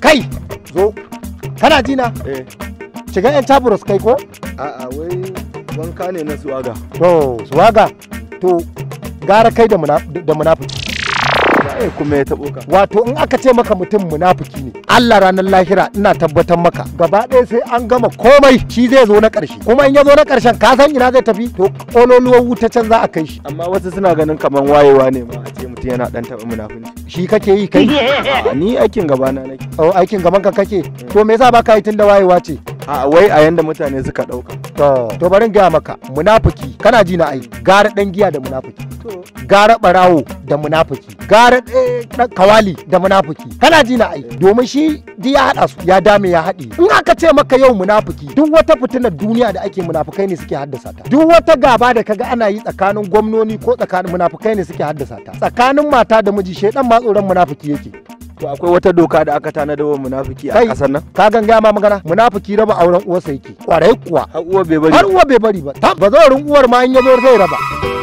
kai zo kana jina eh. shiga yan taburus kai ko a'a wai wanka ne na suwaga to suwaga to gara kai da munafiki kuma ya taɓo ka. Wato in aka ce maka mutum munafiki ne. Allah ranar lahira ina tabbatar maka. Gaba ɗaya sai an gama komai shi zai zo na ƙarshe. Kuma in ya zo na ƙarshen ka san ina zai tafi to ƙololuwar wuta can za a kai shi. Amma wasu suna ganin kamar wayewa ne ma a ce mutum yana ɗan taɓa munafiki. shi kake yi kai ni aikin gaba na nake oh, aikin gaban ka kake to me yasa ka yi tunda wayewa ce a wai a yanda mutane suka dauka to to bari ga maka munafiki kana ji na ai gara dan giya da munafiki to gara barawo da munafuki. gara eh, kawali da munafuki. kana ji na ai domin shi di ya hada su ya dame ya haɗi in aka ce maka yau munafuki? duk wata fitinar duniya da ake munafukai ne suke haddasa ta duk wata gaba da kaga ana yi tsakanin gwamnoni ko tsakanin munafukai ne suke haddasa ta tsakanin mata da miji shedan ma tsoron munafuki yake To akwai wata doka da aka tanada wa munafiki a kasar nan? Ka ganga ma magana munafiki raba auren uwarsa yake. Kwarai kuwa. Har uwa bai bari. Har uwa bai bari ba. Ba zaurin uwar ma in yazo zai raba.